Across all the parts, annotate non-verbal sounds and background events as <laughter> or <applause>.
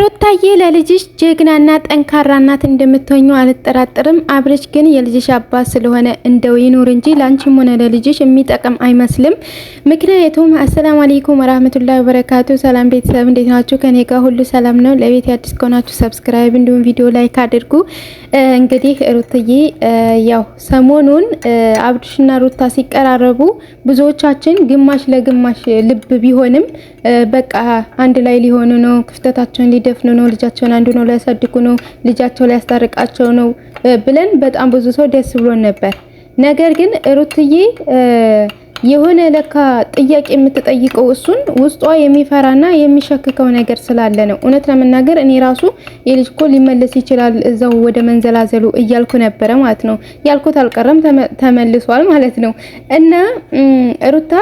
ሩታዬ ለልጅሽ ጀግናና ጠንካራ እናት እንደምትሆኙ አልጠራጥርም። አብርሽ ግን የልጅሽ አባት ስለሆነ እንደው ይኑር እንጂ ላንቺም ሆነ ለልጅሽ የሚጠቅም አይመስልም። ምክንያቱም አሰላሙ አለይኩም ወራህመቱላሂ ወበረካቱ። ሰላም ቤተሰብ እንዴት ናችሁ? ከኔ ጋር ሁሉ ሰላም ነው። ለቤት አዲስ ከሆናችሁ ሰብስክራይብ፣ እንዲሁም ቪዲዮ ላይክ አድርጉ። እንግዲህ ሩትዬ ያው ሰሞኑን አብርሽና ሩታ ሲቀራረቡ ብዙዎቻችን ግማሽ ለግማሽ ልብ ቢሆንም በቃ አንድ ላይ ሊሆኑ ነው ክፍተታቸው ልጃችንን ሊደፍኑ ነው፣ ልጃቸውን አንዱ ነው ሊያሳድጉ ነው፣ ልጃቸው ሊያስታርቃቸው ነው ብለን በጣም ብዙ ሰው ደስ ብሎን ነበር። ነገር ግን ሩትዬ የሆነ ለካ ጥያቄ የምትጠይቀው እሱን ውስጧ የሚፈራና የሚሸክከው ነገር ስላለ ነው። እውነት ለመናገር እኔ ራሱ የልጅ እኮ ሊመለስ ይችላል እዛው ወደ መንዘላዘሉ እያልኩ ነበረ ማለት ነው። ያልኩት አልቀረም ተመልሷል ማለት ነው እና ሩታ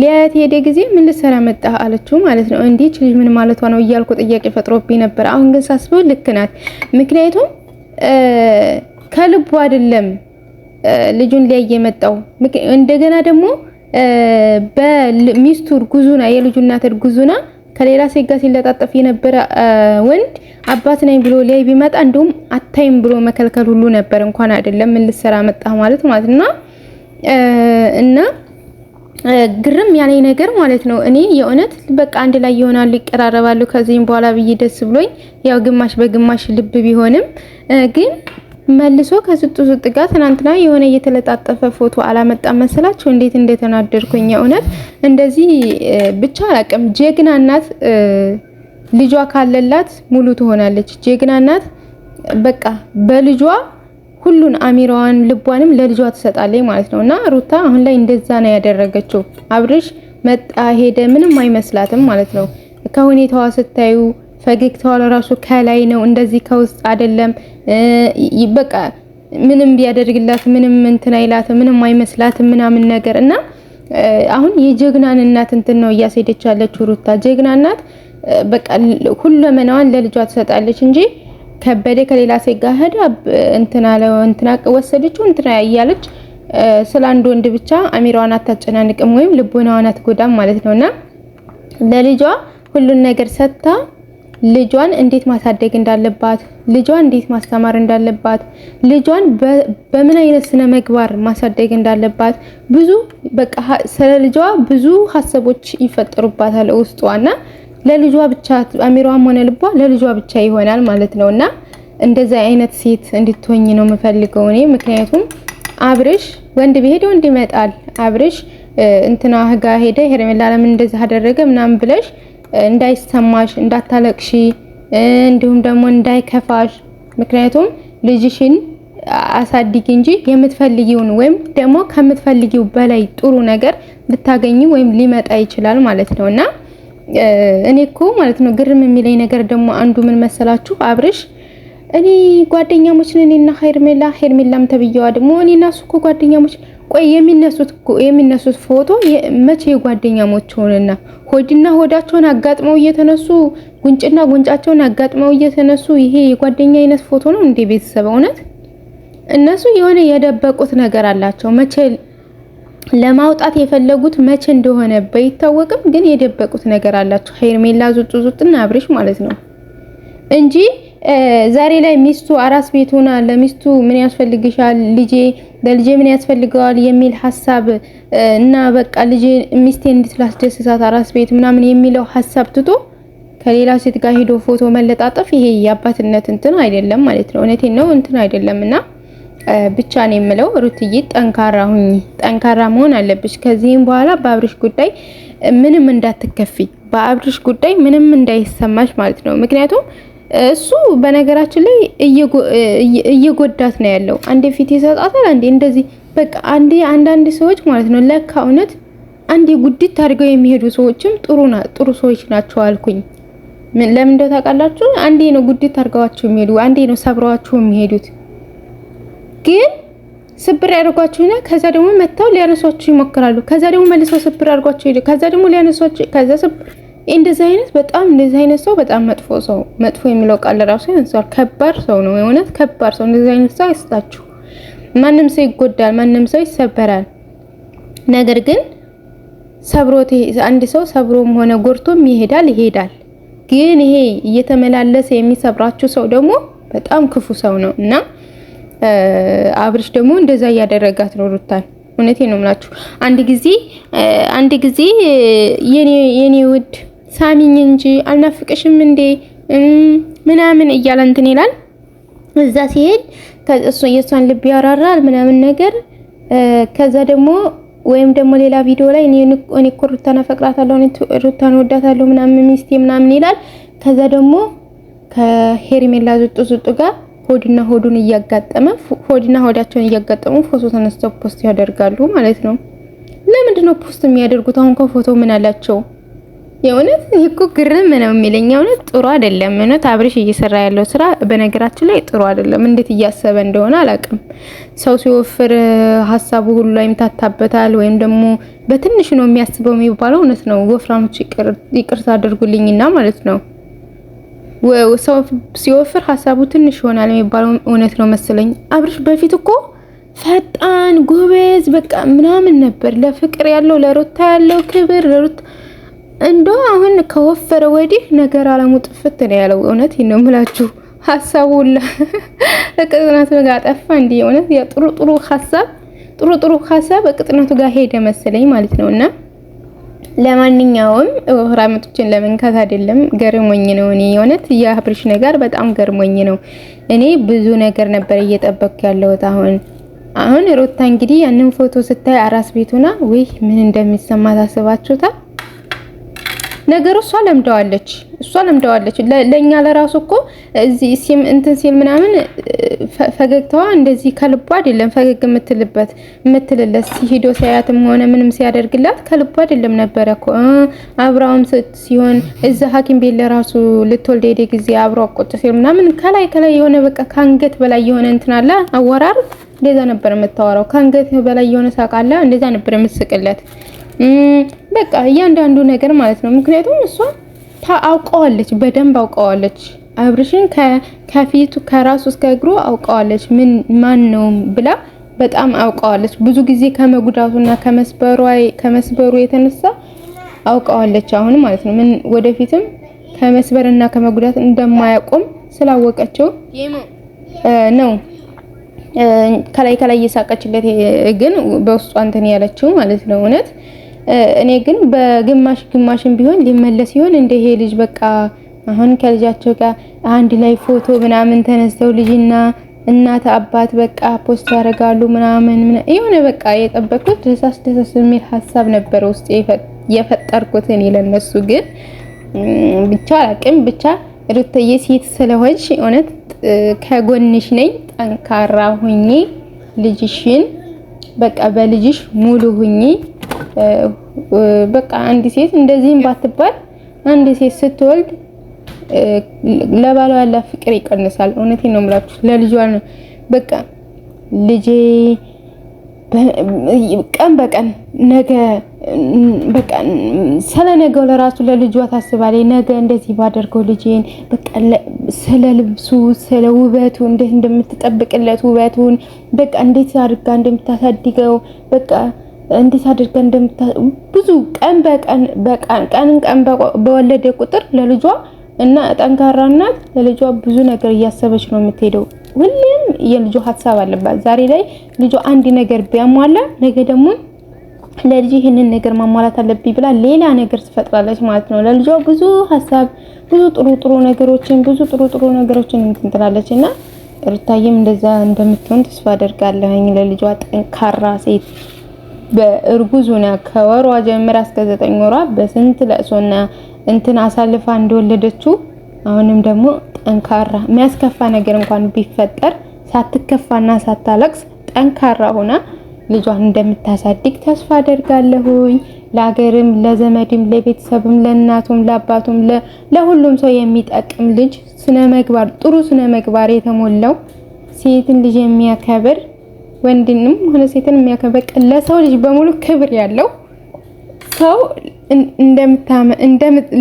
ሊያያት ሄደ ጊዜ ምን ልትሰራ መጣ አለችው ማለት ነው። እንዲህ ችልጅ ምን ማለቷ ነው እያልኩ ጥያቄ ፈጥሮብኝ ነበር። አሁን ግን ሳስበው ልክ ናት። ምክንያቱም ከልቡ አይደለም ልጁን ሊያይ የመጣው። እንደገና ደግሞ በሚስቱ እርጉዙና የልጁ እናት እርጉዙና ከሌላ ሴት ጋር ሲለጣጠፍ የነበረ ወንድ አባት ነኝ ብሎ ሊያይ ቢመጣ እንደውም አታይም ብሎ መከልከል ሁሉ ነበር። እንኳን አይደለም ምን ልትሰራ መጣ ማለት ማለት ነው እና ግርም ያለኝ ነገር ማለት ነው እኔ የእውነት በቃ አንድ ላይ ይሆናሉ ይቀራረባሉ ከዚህም በኋላ ብዬ ደስ ብሎኝ ያው ግማሽ በግማሽ ልብ ቢሆንም ግን መልሶ ከስጡ ስጥ ጋር ትናንትና የሆነ እየተለጣጠፈ ፎቶ አላመጣ መሰላችሁ እንዴት እንደተናደድኩኝ የእውነት እንደዚህ ብቻ አላቅም ጀግና እናት ልጇ ካለላት ሙሉ ትሆናለች ጀግና እናት በቃ በልጇ ሁሉን አሚራዋን ልቧንም ለልጇ ትሰጣለች ማለት ነው። እና ሩታ አሁን ላይ እንደዛ ነው ያደረገችው። አብርሽ መጣ ሄደ፣ ምንም አይመስላትም ማለት ነው። ከሁኔታዋ ስታዩ ፈገግታዋ ለራሱ ከላይ ነው፣ እንደዚህ ከውስጥ አይደለም። በቃ ምንም ቢያደርግላት ምንም እንትን አይላትም፣ ምንም አይመስላትም ምናምን ነገር እና አሁን የጀግናን እናት እንትን ነው እያስሄደች ያለችው ሩታ። ጀግና እናት በቃ መናዋን ለልጇ ትሰጣለች እንጂ ከበደ ከሌላ ሴት ጋር ሄዳ እንትና ለእንትና ወሰደችው እንትና እያለች ስለ አንድ ወንድ ብቻ አሚራዋን አታጨናንቅም ወይም ልቦናዋን አትጎዳም ማለት ነውና ለልጇ ሁሉን ነገር ሰጥታ ልጇን እንዴት ማሳደግ እንዳለባት፣ ልጇን እንዴት ማስተማር እንዳለባት፣ ልጇን በምን አይነት ስነ መግባር ማሳደግ እንዳለባት ብዙ በቃ ስለ ልጇ ብዙ ሀሳቦች ይፈጠሩባታል ውስጧና ለልጇ ብቻ አሚሯም ሆነ ልቧ ለልጇ ብቻ ይሆናል ማለት ነው። እና እንደዛ አይነት ሴት እንድትሆኝ ነው የምፈልገው እኔ። ምክንያቱም አብርሽ ወንድ ቢሄድ ወንድ ይመጣል። አብርሽ እንትና ህጋ ሄደ ሄርሜላ ለምን እንደዚህ አደረገ ምናምን ብለሽ እንዳይሰማሽ፣ እንዳታለቅሺ እንዲሁም ደግሞ እንዳይከፋሽ። ምክንያቱም ልጅሽን አሳድጊ እንጂ የምትፈልጊውን ወይም ደግሞ ከምትፈልጊው በላይ ጥሩ ነገር ልታገኝ ወይም ሊመጣ ይችላል ማለት ነውና እኔ እኮ ማለት ነው ግርም የሚለኝ ነገር ደግሞ አንዱ ምን መሰላችሁ አብርሽ እኔ ጓደኛሞች ነን እኔና ሄርሜላ ሄርሜላም ተብዬዋ ደግሞ እኔና እሱ እኮ ጓደኛሞች ቆይ የሚነሱት የሚነሱት ፎቶ መቼ የጓደኛሞች ሆነና ሆድና ሆዳቸውን አጋጥመው እየተነሱ ጉንጭና ጉንጫቸውን አጋጥመው እየተነሱ ይሄ የጓደኛ አይነት ፎቶ ነው እንዴ ቤተሰብ እውነት እነሱ የሆነ የደበቁት ነገር አላቸው መቼ ለማውጣት የፈለጉት መቼ እንደሆነ ባይታወቅም ግን የደበቁት ነገር አላቸው። ሄርሜላ ዙጡ ዙጥና አብርሽ ማለት ነው እንጂ ዛሬ ላይ ሚስቱ አራስ ቤት ሆና ለሚስቱ ምን ያስፈልግሻል፣ ልጄ ለልጄ ምን ያስፈልገዋል የሚል ሀሳብ እና በቃ ልጄ ሚስቴ እንድትላስደስሳት አራስ ቤት ምናምን የሚለው ሀሳብ ትቶ ከሌላ ሴት ጋር ሄዶ ፎቶ መለጣጠፍ ይሄ የአባትነት እንትን አይደለም ማለት ነው። እውነቴን ነው እንትን አይደለም እና ብቻ ነው የምለው። ሩትዬ ጠንካራ ሁኚ፣ ጠንካራ መሆን አለብሽ። ከዚህም በኋላ በአብርሽ ጉዳይ ምንም እንዳትከፊ፣ በአብርሽ ጉዳይ ምንም እንዳይሰማሽ ማለት ነው። ምክንያቱም እሱ በነገራችን ላይ እየጎዳት ነው ያለው። አንዴ ፊት ይሰጣታል፣ አንዴ እንደዚህ በቃ አንዴ አንዳንድ ሰዎች ማለት ነው ለካ እውነት አንዴ ጉድት አድርገው የሚሄዱ ሰዎችም ጥሩ ጥሩ ሰዎች ናቸው አልኩኝ። ለምን እንደው ታውቃላችሁ? አንዴ ነው ጉድት አድርገዋችሁ የሚሄዱ፣ አንዴ ነው ሰብረዋችሁ የሚሄዱት። ግን ስብር ያደርጓችሁና ከዛ ደግሞ መጥተው ሊያነሷችሁ ይሞክራሉ። ከዛ ደግሞ መልሰው ስብር አድርጓችሁ ሄዱ። ከዛ ደግሞ ሊያነሷችሁ ከዛ ስብር እንደዚህ አይነት በጣም እንደዚህ አይነት ሰው በጣም መጥፎ ሰው መጥፎ የሚለው ቃል ራሱ ያንሰዋል። ከባድ ሰው ነው የእውነት ከባድ ሰው። እንደዚህ አይነት ሰው አይስጣችሁ። ማንም ሰው ይጎዳል፣ ማንም ሰው ይሰበራል። ነገር ግን ሰብሮት አንድ ሰው ሰብሮም ሆነ ጎርቶም ይሄዳል ይሄዳል። ግን ይሄ እየተመላለሰ የሚሰብራችሁ ሰው ደግሞ በጣም ክፉ ሰው ነው እና አብርሽ ደግሞ እንደዛ እያደረጋት ነው ሩታን። እውነቴ ነው የምላችሁ። አንድ ጊዜ አንድ ጊዜ የኔ ውድ ሳሚኝ እንጂ አልናፍቅሽም እንዴ ምናምን እያለ እንትን ይላል። እዛ ሲሄድ እሱ የእሷን ልብ ያራራል ምናምን ነገር ከዛ ደግሞ ወይም ደግሞ ሌላ ቪዲዮ ላይ እኔ እኮ ሩታን አፈቅራታለሁ ሩታን ወዳታለሁ ምናምን ሚስቴ ምናምን ይላል። ከዛ ደግሞ ከሄርሜላ ዝጡ ዙጡ ጋር ሆድና ሆዱን እያጋጠመ ሆድና ሆዳቸውን እያጋጠሙ ፎቶ ተነስተው ፖስት ያደርጋሉ ማለት ነው። ለምንድን ነው ፖስት የሚያደርጉት? አሁን ከፎቶ ምን አላቸው? የእውነት እኮ ግርም ነው የሚለኝ። እውነት ጥሩ አይደለም። እውነት አብሬሽ እየሰራ ያለው ስራ በነገራችን ላይ ጥሩ አይደለም። እንዴት እያሰበ እንደሆነ አላውቅም። ሰው ሲወፍር ሀሳቡ ሁሉ ይምታታበታል፣ ወይም ደግሞ በትንሽ ነው የሚያስበው የሚባለው እውነት ነው። ወፍራሞች ይቅርታ አድርጉልኝና ማለት ነው ሰው ሲወፍር ሀሳቡ ትንሽ ይሆናል የሚባለው እውነት ነው መሰለኝ። አብርሽ በፊት እኮ ፈጣን ጎበዝ በቃ ምናምን ነበር ለፍቅር ያለው ለሩታ ያለው ክብር ለሩት እንዶ አሁን ከወፈረ ወዲህ ነገር አለሙ ጥፍት ነው ያለው። እውነት ነው የምላችሁ ሀሳቡ ለቅጥናቱ <laughs> ጋር ጠፋ። እንዲህ እውነት ጥሩ ጥሩ ሀሳብ ጥሩ ጥሩ ሀሳብ ቅጥናቱ ጋር ሄደ መሰለኝ ማለት ነው እና ለማንኛውም ህራመቶችን ለመንካት አይደለም፣ ገርሞኝ ነው። እኔ የእውነት የአብርሽ ነገር በጣም ገርሞኝ ነው። እኔ ብዙ ነገር ነበር እየጠበቅኩ ያለሁት። አሁን አሁን ሩታ እንግዲህ ያንን ፎቶ ስታይ አራስ ቤቱና ውይ ምን እንደሚሰማ ታስባችሁታል? ነገሩ እሷ ለምደዋለች እሷ ለምደዋለች። ለኛ ለራሱ እኮ እዚህ ሲም እንትን ሲል ምናምን ፈገግታዋ እንደዚህ ከልቧ አይደለም ፈገግ የምትልበት የምትልለት ሲሄዶ ሲያያትም ሆነ ምንም ሲያደርግላት ከልቧ አይደለም ነበረ እኮ አብራውም ሲሆን እዛ ሐኪም ቤት ለራሱ ልትወልድ ሄደ ጊዜ አብሮ ቁጭ ሲል ምናምን ከላይ ከላይ የሆነ በቃ ከአንገት በላይ የሆነ እንትን አለ አወራር እንደዛ ነበር የምታወራው። ከአንገት በላይ የሆነ ሳቃላ እንደዛ ነበር የምትስቅለት በቃ እያንዳንዱ ነገር ማለት ነው። ምክንያቱም እሷ አውቀዋለች፣ በደንብ አውቀዋለች። አብርሽን ከፊቱ ከራሱ እስከ እግሩ አውቀዋለች። ምን ማን ነው ብላ በጣም አውቀዋለች። ብዙ ጊዜ ከመጉዳቱና ከመስበሩ የተነሳ አውቀዋለች። አሁን ማለት ነው ምን ወደፊትም ከመስበርና ከመጉዳት እንደማያቆም ስላወቀችው ነው ከላይ ከላይ እየሳቀችለት ግን በውስጧ እንትን ያለችው ማለት ነው እውነት እኔ ግን በግማሽ ግማሽም ቢሆን ሊመለስ ይሆን እንደ ይሄ ልጅ በቃ አሁን ከልጃቸው ጋር አንድ ላይ ፎቶ ምናምን ተነስተው ልጅና እናት አባት በቃ ፖስት ያደርጋሉ ምናምን የሆነ በቃ የጠበቁት ደሳስ ደሳስ የሚል ሀሳብ ነበረ ውስጥ የፈጠርኩት እኔ ለነሱ ግን ብቻ አላቅም ብቻ ሩተዬ ሴት ስለሆንሽ እውነት ከጎንሽ ነኝ ጠንካራ ሁኚ ልጅሽን በቃ በልጅሽ ሙሉ ሁኚ በቃ አንድ ሴት እንደዚህም ባትባል አንድ ሴት ስትወልድ ለባሏ ያላት ፍቅር ይቀንሳል። እውነቴን ነው የምላችሁ። ለልጇ ነው በቃ ልጄ ቀን በቀን ነገ በቃ ስለ ነገው ለራሱ ለልጇ ታስባለች። ነገ እንደዚህ ባደርገው ልጄን በቃ ስለ ልብሱ፣ ስለ ውበቱ እንዴት እንደምትጠብቅለት ውበቱን በቃ እንዴት አድርጋ እንደምታሳድገው በቃ እንዴት አድርገ እንደምታ ብዙ ቀን በቀን ቀንን ቀን በወለደ ቁጥር ለልጇ እና ጠንካራ እናት ለልጇ ብዙ ነገር እያሰበች ነው የምትሄደው። ሁሌም የልጇ ሀሳብ አለባት። ዛሬ ላይ ልጇ አንድ ነገር ቢያሟላ ነገ ደግሞ ለልጅ ይህንን ነገር ማሟላት አለብኝ ብላ ሌላ ነገር ትፈጥራለች ማለት ነው። ለልጇ ብዙ ሀሳብ፣ ብዙ ጥሩ ጥሩ ነገሮችን ብዙ ጥሩ ጥሩ ነገሮችን እንትን እና እንደዛ እንደምትሆን ተስፋ አደርጋለሁ። ለልጇ ጠንካራ ሴት በእርጉዝ ሆና ከወሯ ጀምራ እስከ ዘጠኝ ወሯ በስንት ለሶና እንትን አሳልፋ እንደወለደችው አሁንም ደግሞ ጠንካራ የሚያስከፋ ነገር እንኳን ቢፈጠር ሳትከፋና ሳታለቅስ ጠንካራ ሆና ልጇን እንደምታሳድግ ተስፋ አደርጋለሁኝ። ለሀገርም፣ ለዘመድም፣ ለቤተሰብም፣ ለእናቱም፣ ለአባቱም ለሁሉም ሰው የሚጠቅም ልጅ ስነ ምግባር ጥሩ ስነ ምግባር የተሞላው ሴትን ልጅ የሚያከብር ወንድንም ሆነ ሴትን የሚያከብር ለሰው ልጅ በሙሉ ክብር ያለው ሰው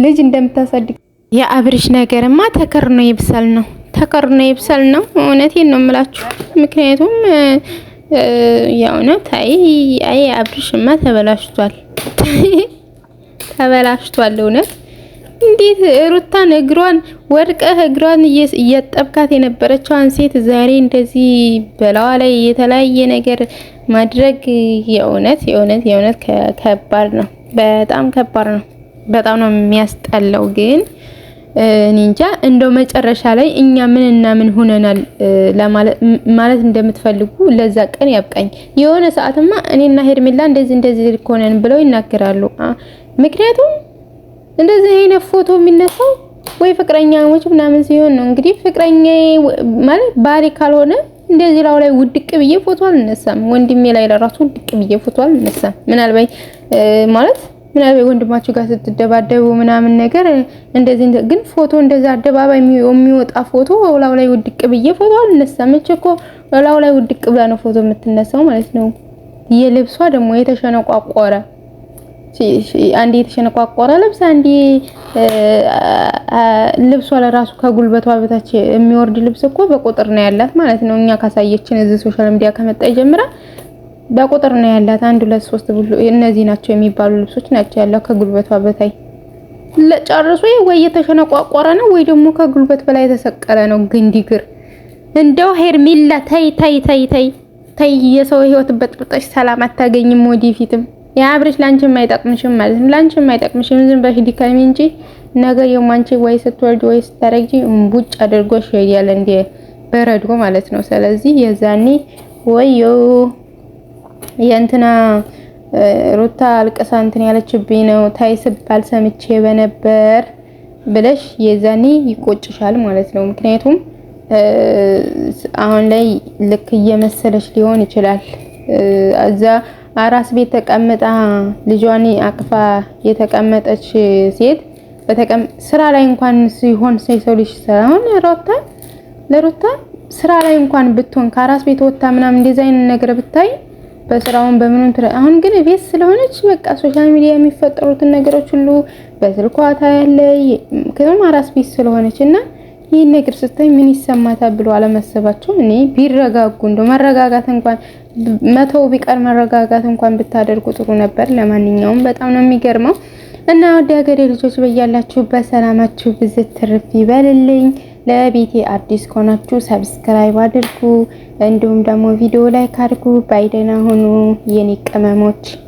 ልጅ እንደምታሳድግ የአብርሽ ነገርማ ተከርኖ ይብሳል ነው ተከርኖ ይብሳል ነው። እውነቴን ነው የምላችሁ። ምክንያቱም የእውነት አይ አይ አብርሽማ ተበላሽቷል <laughs> ተበላሽቷል እውነት እንዴት ሩታን እግሯን ወድቀህ እግሯን እያጠብካት የነበረችዋን ሴት ዛሬ እንደዚህ በላዋ ላይ የተለያየ ነገር ማድረግ የእውነት የእውነት የእውነት ከባድ ነው። በጣም ከባድ ነው። በጣም ነው የሚያስጠላው። ግን እኔ እንጃ እንደው መጨረሻ ላይ እኛ ምን እና ምን ሆነናል ማለት እንደምትፈልጉ ለዛ ቀን ያብቃኝ። የሆነ ሰዓትማ እኔና ሄርሜላ እንደዚህ እንደዚህ ሆነን ብለው ይናገራሉ። ምክንያቱም እንደዚህ አይነት ፎቶ የሚነሳው ወይ ፍቅረኛሞች ምናምን ሲሆን ነው። እንግዲህ ፍቅረኛ ማለት ባሌ ካልሆነ እንደዚህ ላው ላይ ውድቅ ብዬ ፎቶ አልነሳም። ወንድሜ ላይ ለራሱ ውድቅ ብዬ ፎቶ አልነሳም። ምናልባት ማለት ምናልባት ወንድማችሁ ጋር ስትደባደቡ ምናምን ነገር እንደዚህ ግን ፎቶ እንደዛ አደባባይ የሚወጣ ፎቶ ላው ላይ ውድቅ ብዬ ፎቶ አልነሳም። መቼ እኮ ላው ላይ ውድቅ ብላ ነው ፎቶ የምትነሳው ማለት ነው። የልብሷ ደግሞ የተሸነቋቆረ አንዴ የተሸነቋቆረ ልብስ አንዴ ልብሷ ለራሱ ከጉልበቷ በታች የሚወርድ ልብስ እኮ በቁጥር ነው ያላት ማለት ነው። እኛ ካሳየችን እዚህ ሶሻል ሚዲያ ከመጣ ጀምራ በቁጥር ነው ያላት። አንድ ሁለት ሶስት ብሎ እነዚህ ናቸው የሚባሉ ልብሶች ናቸው ያለው ከጉልበቷ በታይ ለጨርሶ ወይ የተሸነቋቆረ ነው ወይ ደግሞ ከጉልበት በላይ የተሰቀለ ነው። ግንዲግር እንደው ሄርሜላ ተይ ተይ ተይ ተይ ተይ የሰው ህይወት በጥብጠሽ ሰላም አታገኝም ወደፊትም። የአብሬሽ ላንቺ የማይጠቅምሽም ማለት ነው። ላንቺ የማይጠቅምሽም ዝም ብለሽ ድካሚ እንጂ ነገ የማንቺ ወይ ስትወልድ ወይ ስታረጂ ቡጭ አድርጎሽ ያለ እንደ በረዶ ማለት ነው። ስለዚህ የዛኔ ወዮ የእንትና ሩታ አልቀሳ እንትን ያለችብኝ ነው ታይ ስባል ሰምቼ በነበር ብለሽ የዛኔ ይቆጭሻል ማለት ነው። ምክንያቱም አሁን ላይ ልክ እየመሰለሽ ሊሆን ይችላል። እዛ አራስ ቤት ተቀምጣ ልጇን አቅፋ የተቀመጠች ሴት ስራ ላይ እንኳን ሲሆን የሰው ልጅ ሳይሆን ሮታ ለሮታ ስራ ላይ እንኳን ብትሆን ከአራስ ቤት ወጣ ምናምን ዲዛይን ነገር ብታይ በስራውን በምኑን አሁን ግን ቤት ስለሆነች በቃ ሶሻል ሚዲያ የሚፈጠሩትን ነገሮች ሁሉ በስልኳ ታያለች። አራስ ቤት ስለሆነች እና ይህን ነገር ስታይ ምን ይሰማታል ብሎ አለመሰባቸው። እኔ ቢረጋጉ እንደው መረጋጋት እንኳን መተው ቢቀር መረጋጋት እንኳን ብታደርጉ ጥሩ ነበር። ለማንኛውም በጣም ነው የሚገርመው እና ወደ ሀገሬ ልጆች በያላችሁበት በሰላማችሁ ብዝት ትርፍ ይበልልኝ። ለቤቴ አዲስ ከሆናችሁ ሰብስክራይብ አድርጉ፣ እንዲሁም ደግሞ ቪዲዮ ላይክ አድርጉ። ባይደና ሆኑ የኔ ቅመሞች።